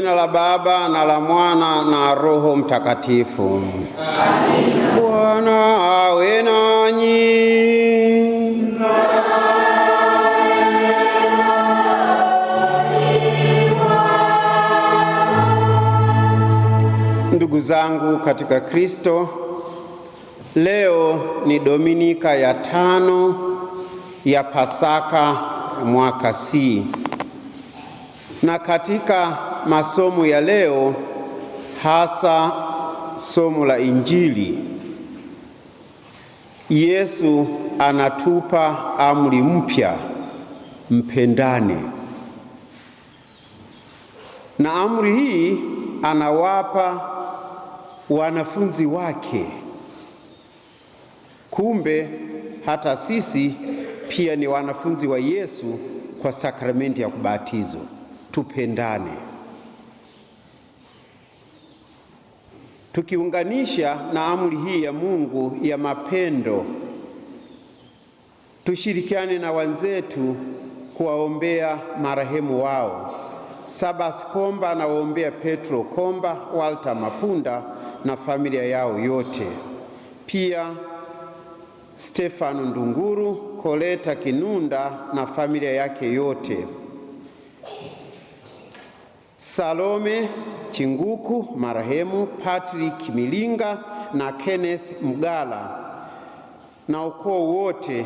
jina la Baba na la Mwana na Roho Mtakatifu. Amina. Bwana awe nanyi. Ndugu zangu katika Kristo, leo ni Dominika ya tano ya Pasaka mwaka C. Na katika masomo ya leo, hasa somo la Injili, Yesu anatupa amri mpya, mpendane. Na amri hii anawapa wanafunzi wake. Kumbe hata sisi pia ni wanafunzi wa Yesu kwa sakramenti ya kubatizwa tupendane. Tukiunganisha na amri hii ya Mungu ya mapendo, tushirikiane na wenzetu kuwaombea marehemu wao Sabas Komba anawaombea Petro Komba, Walter Mapunda na familia yao yote, pia Stefano Ndunguru, Koleta Kinunda na familia yake yote. Salome Chinguku marehemu, Patrick Milinga na Kenneth Mgala na ukoo wote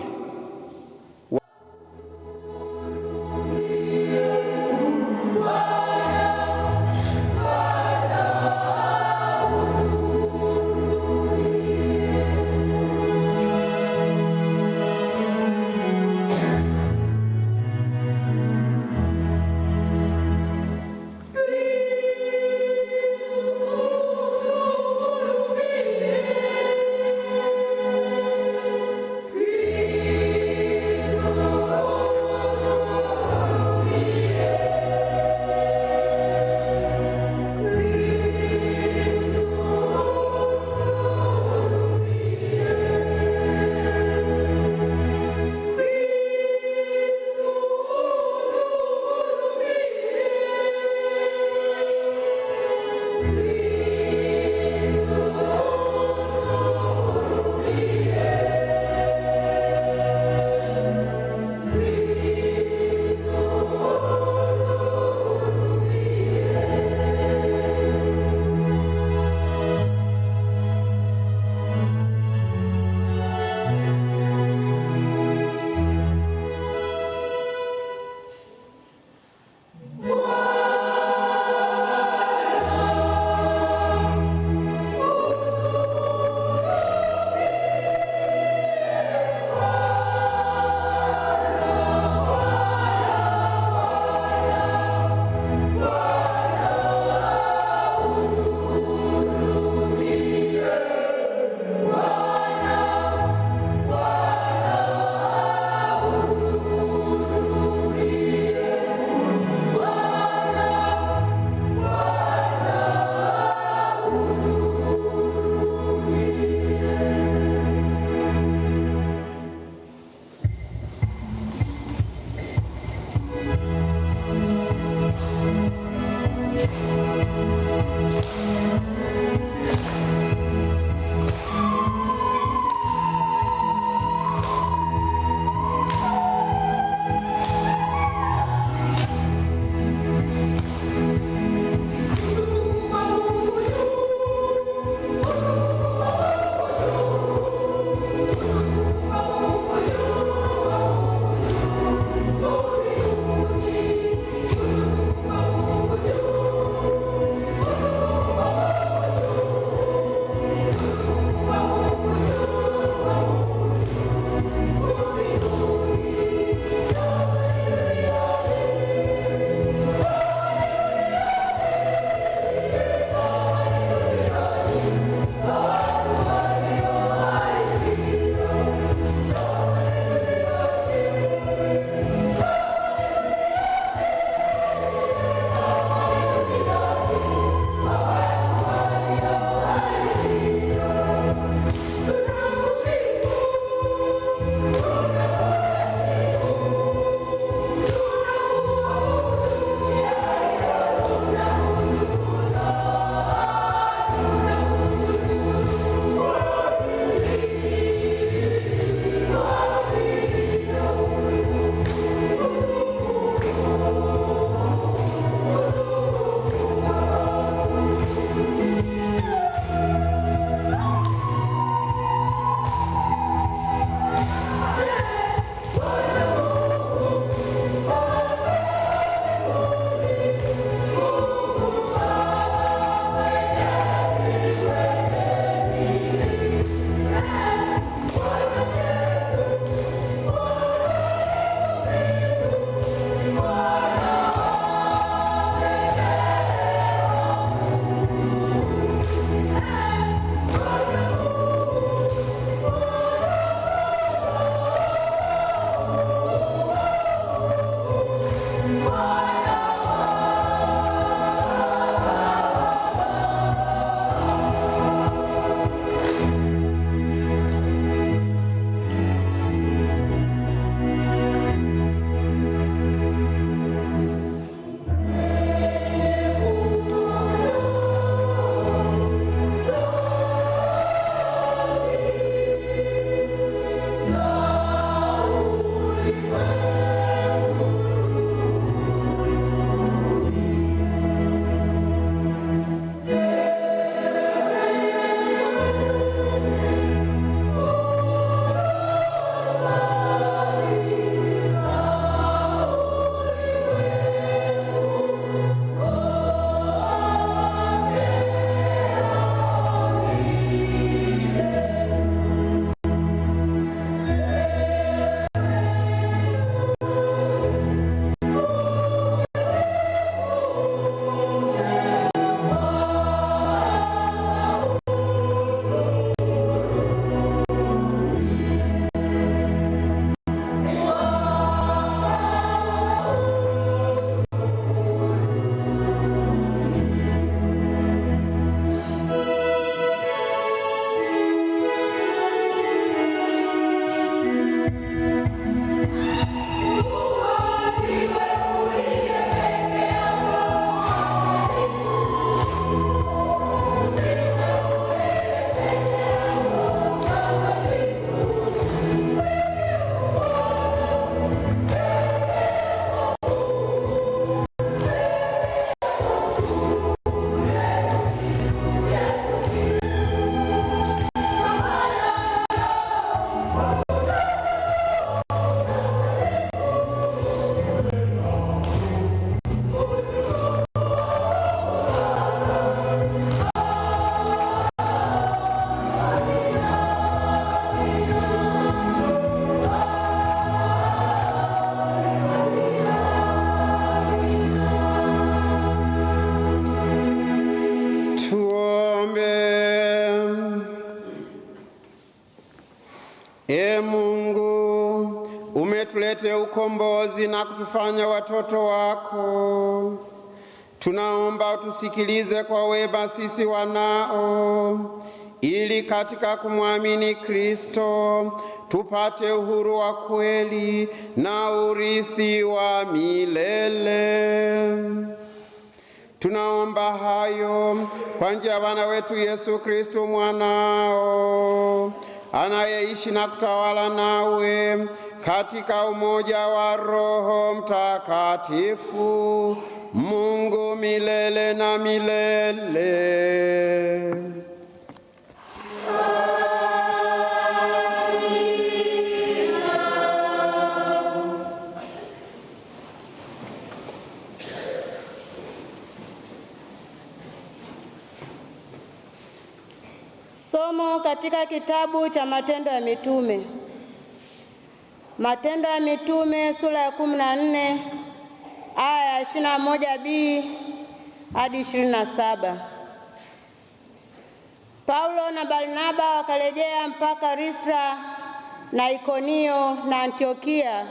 e Mungu, umetuletea ukombozi na kutufanya watoto wako. Tunaomba utusikilize kwa wema sisi wanao, ili katika kumwamini Kristo tupate uhuru wa kweli na urithi wa milele. Tunaomba hayo kwa njia ya Bwana wetu Yesu Kristo mwanao anayeishi na kutawala nawe katika umoja wa Roho Mtakatifu, Mungu milele na milele. katika kitabu cha Matendo ya Mitume. Matendo ya Mitume sura ya 14 aya ya 21b hadi 27. Paulo na Barnaba wakarejea mpaka Listra na Ikonio na Antiokia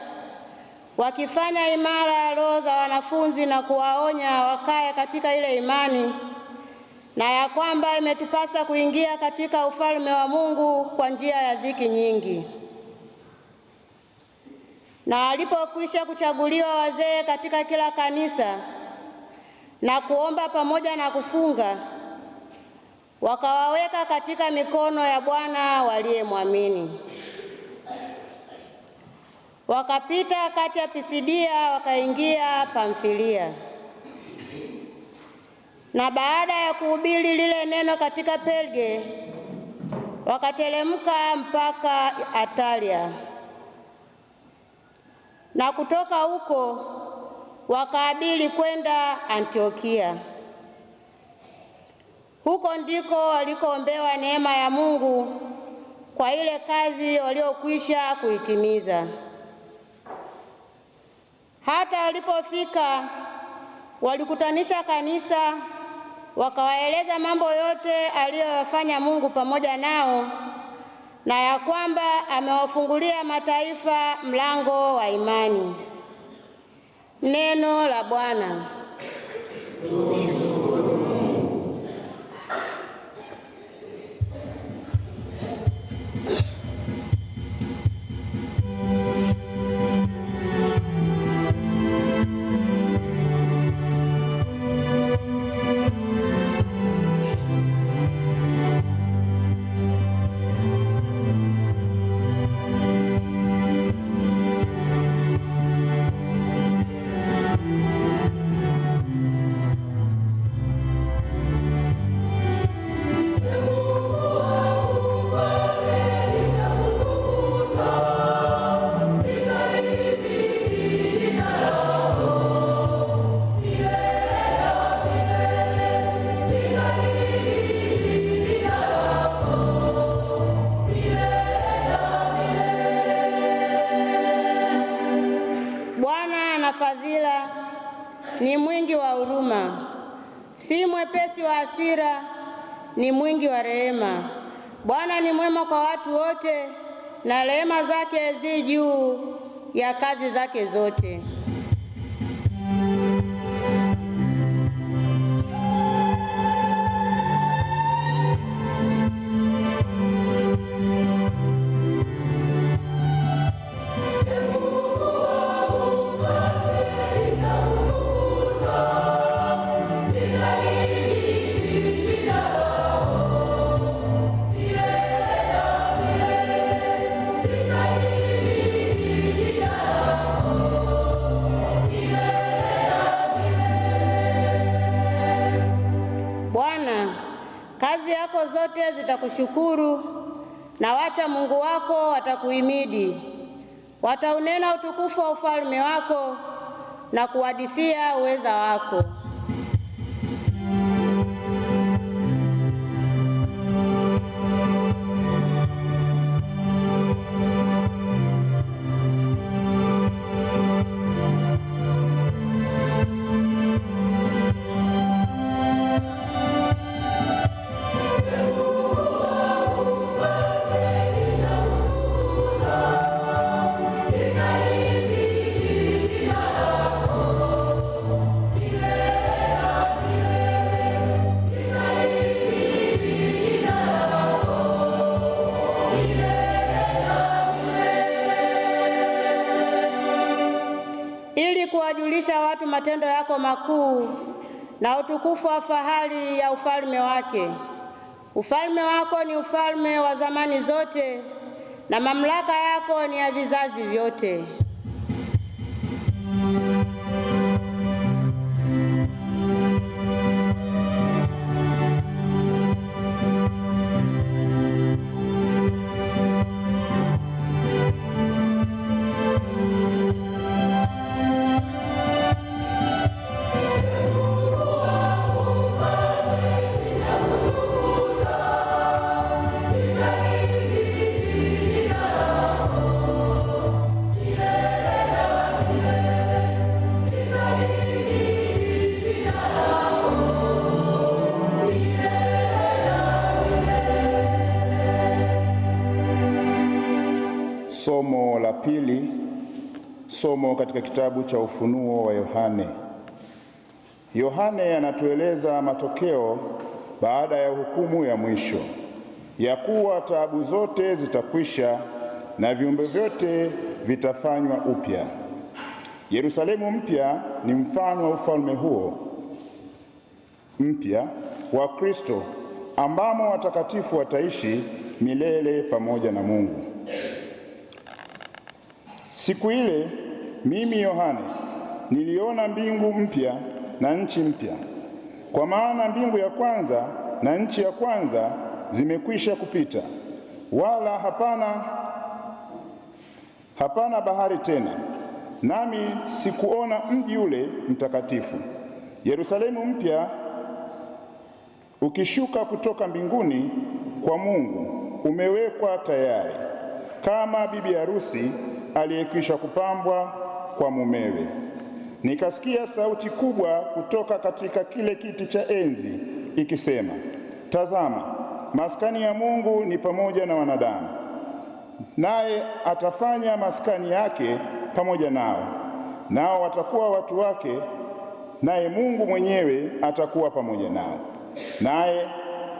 wakifanya imara roho za wanafunzi na kuwaonya wakae katika ile imani na ya kwamba imetupasa kuingia katika ufalme wa Mungu kwa njia ya dhiki nyingi. Na alipokwisha kuchaguliwa wazee katika kila kanisa na kuomba pamoja na kufunga, wakawaweka katika mikono ya Bwana waliyemwamini. Wakapita kati ya Pisidia wakaingia Pamfilia. Na baada ya kuhubiri lile neno katika Perge, wakateremka mpaka Atalia, na kutoka huko wakaabili kwenda Antiokia. Huko ndiko walikoombewa neema ya Mungu kwa ile kazi waliokwisha kuitimiza. Hata walipofika walikutanisha kanisa wakawaeleza mambo yote aliyoyafanya Mungu pamoja nao na ya kwamba amewafungulia mataifa mlango wa imani. Neno la Bwana. wote na rehema zake zi juu ya kazi zake zote. kushukuru na wacha Mungu wako watakuhimidi, wataunena utukufu wa ufalme wako na kuhadithia uweza wako. matendo yako makuu na utukufu wa fahari ya ufalme wake. Ufalme wako ni ufalme wa zamani zote na mamlaka yako ni ya vizazi vyote. katika kitabu cha Ufunuo wa Yohane. Yohane anatueleza matokeo baada ya hukumu ya mwisho, ya kuwa taabu zote zitakwisha na viumbe vyote vitafanywa upya. Yerusalemu mpya ni mfano wa ufalme huo mpya wa Kristo ambamo watakatifu wataishi milele pamoja na Mungu. Siku ile mimi Yohane niliona mbingu mpya na nchi mpya, kwa maana mbingu ya kwanza na nchi ya kwanza zimekwisha kupita, wala hapana hapana bahari tena. Nami sikuona mji ule mtakatifu Yerusalemu mpya ukishuka kutoka mbinguni kwa Mungu, umewekwa tayari kama bibi harusi aliyekwisha kupambwa kwa mumewe. Nikasikia sauti kubwa kutoka katika kile kiti cha enzi ikisema, tazama, maskani ya Mungu ni pamoja na wanadamu, naye atafanya maskani yake pamoja nao, nao watakuwa watu wake, naye Mungu mwenyewe atakuwa pamoja nao, naye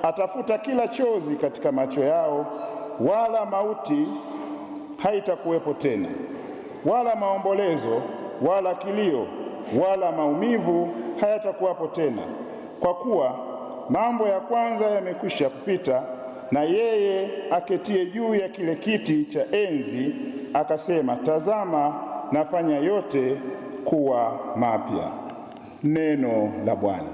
atafuta kila chozi katika macho yao, wala mauti haitakuwepo tena wala maombolezo wala kilio wala maumivu hayatakuwapo tena, kwa kuwa mambo ya kwanza yamekwisha kupita. Na yeye aketie juu ya kile kiti cha enzi akasema, tazama, nafanya yote kuwa mapya. Neno la Bwana.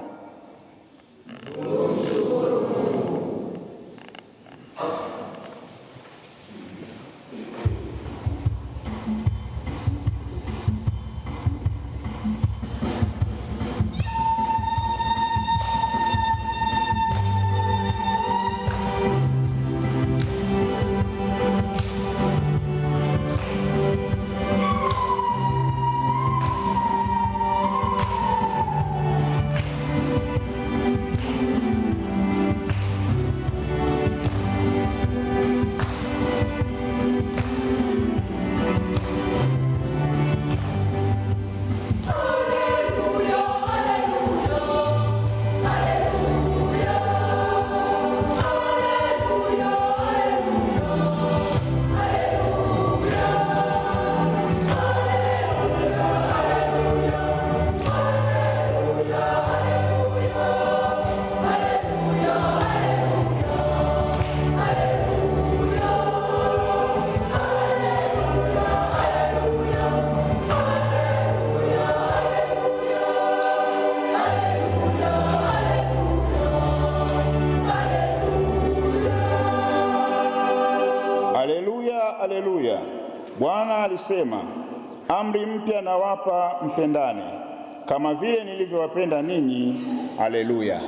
alisema, amri mpya nawapa, mpendane kama vile nilivyowapenda ninyi. Haleluya.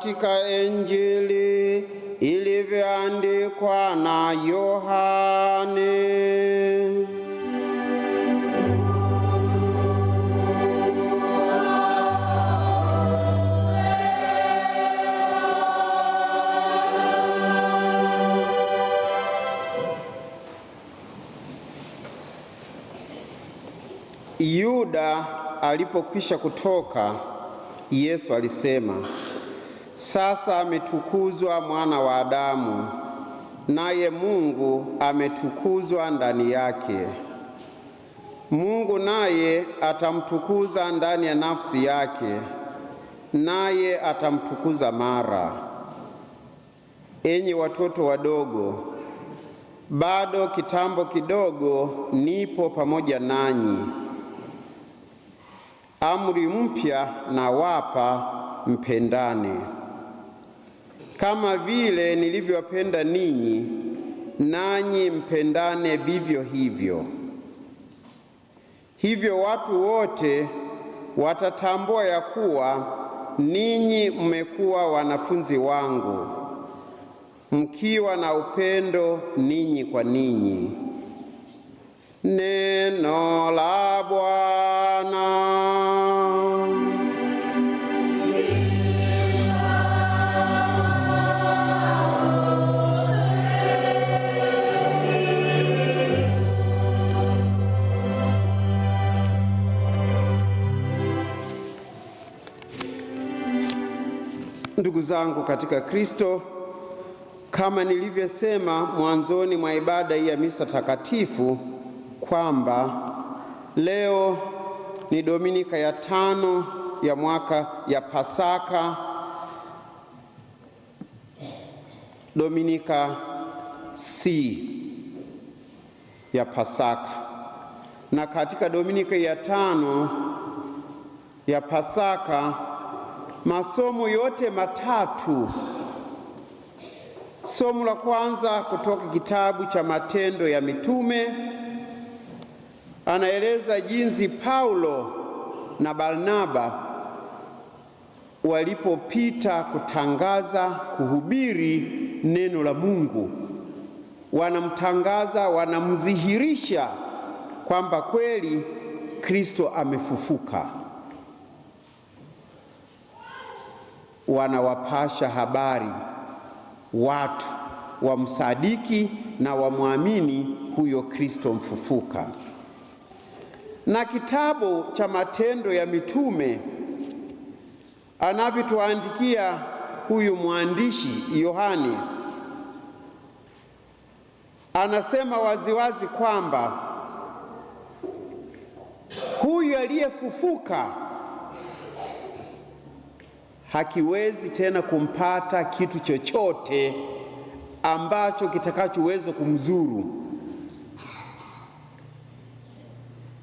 katika Injili ilivyoandikwa na Yohane. Yuda alipokwisha kutoka, Yesu alisema sasa ametukuzwa mwana wa Adamu, naye Mungu ametukuzwa ndani yake. Mungu naye atamtukuza ndani ya nafsi yake, naye atamtukuza mara. Enyi watoto wadogo, bado kitambo kidogo nipo pamoja nanyi. Amri mpya nawapa, mpendane kama vile nilivyowapenda ninyi, nanyi mpendane vivyo hivyo. Hivyo watu wote watatambua ya kuwa ninyi mmekuwa wanafunzi wangu, mkiwa na upendo ninyi kwa ninyi. Neno la Bwana. Ndugu zangu katika Kristo, kama nilivyosema mwanzoni mwa ibada hii ya misa takatifu kwamba leo ni Dominika ya tano ya mwaka ya Pasaka, Dominika C ya Pasaka. Na katika Dominika ya tano ya Pasaka masomo yote matatu. Somo la kwanza kutoka kitabu cha Matendo ya Mitume, anaeleza jinsi Paulo na Barnaba walipopita kutangaza, kuhubiri neno la Mungu. Wanamtangaza, wanamdhihirisha kwamba kweli Kristo amefufuka. wanawapasha habari watu wamsadiki na wamwamini huyo Kristo mfufuka. Na kitabu cha Matendo ya Mitume anavyotuandikia huyu mwandishi Yohane anasema waziwazi kwamba huyu aliyefufuka hakiwezi tena kumpata kitu chochote ambacho kitakachoweza kumzuru.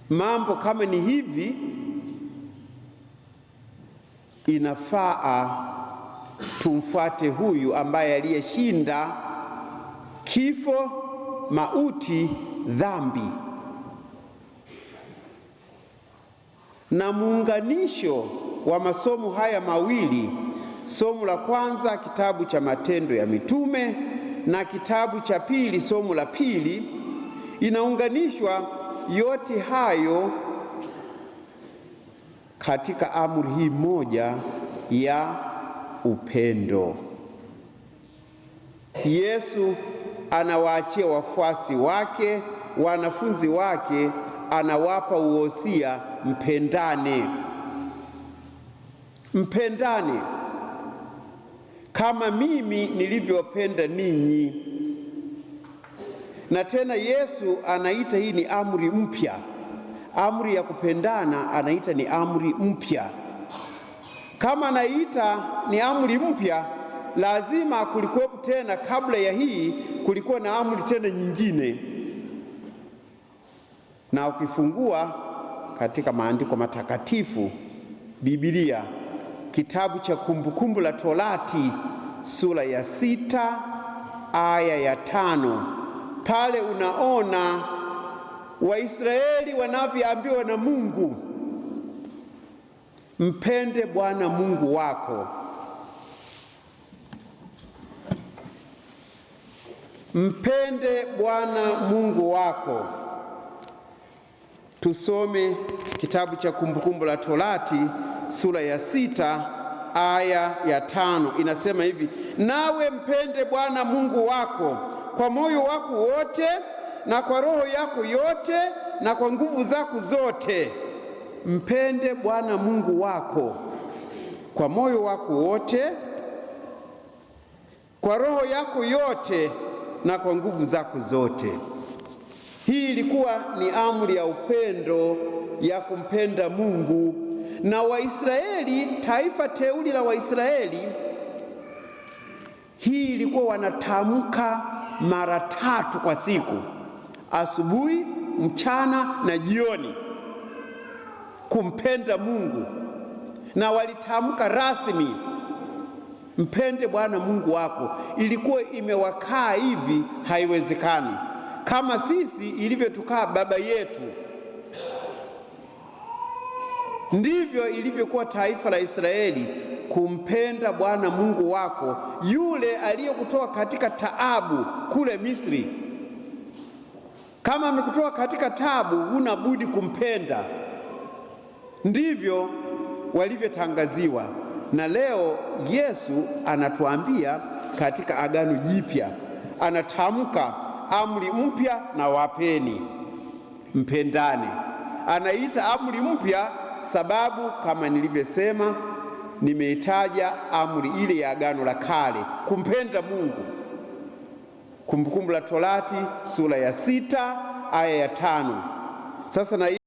Mambo kama ni hivi, inafaa tumfuate huyu ambaye aliyeshinda kifo, mauti, dhambi. Na muunganisho wa masomo haya mawili, somo la kwanza kitabu cha Matendo ya Mitume na kitabu cha pili, somo la pili, inaunganishwa yote hayo katika amri hii moja ya upendo. Yesu anawaachia wafuasi wake, wanafunzi wake, anawapa uhosia, mpendane. Mpendani kama mimi nilivyopenda ninyi. Na tena Yesu anaita hii ni amri mpya. Amri ya kupendana anaita ni amri mpya. Kama anaita ni amri mpya, lazima kulikuwepo tena, kabla ya hii kulikuwa na amri tena nyingine, na ukifungua katika maandiko matakatifu Biblia kitabu cha Kumbukumbu la Torati sura ya sita aya ya tano pale unaona Waisraeli wanavyoambiwa na Mungu, mpende Bwana Mungu wako, mpende Bwana Mungu wako. Tusome kitabu cha Kumbukumbu la Torati sura ya sita aya ya tano inasema hivi, nawe mpende Bwana Mungu wako kwa moyo wako wote na kwa roho yako yote na kwa nguvu zako zote. Mpende Bwana Mungu wako kwa moyo wako wote, kwa roho yako yote na kwa nguvu zako zote. Hii ilikuwa ni amri ya upendo ya kumpenda Mungu na Waisraeli, taifa teuli la Waisraeli, hii ilikuwa wanatamka mara tatu kwa siku, asubuhi, mchana na jioni, kumpenda Mungu, na walitamka rasmi, mpende Bwana Mungu wako. Ilikuwa imewakaa hivi, haiwezekani kama sisi ilivyotukaa baba yetu Ndivyo ilivyokuwa taifa la Israeli kumpenda Bwana Mungu wako yule aliyekutoa katika taabu kule Misri. Kama amekutoa katika taabu, huna budi kumpenda. Ndivyo walivyotangaziwa, na leo Yesu anatuambia katika Agano Jipya, anatamka amri mpya na wapeni, mpendane. Anaita amri mpya sababu kama nilivyosema, nimeitaja amri ile ya Agano la Kale, kumpenda Mungu. Kumbukumbu la Torati sura ya sita aya ya tano. Sasa na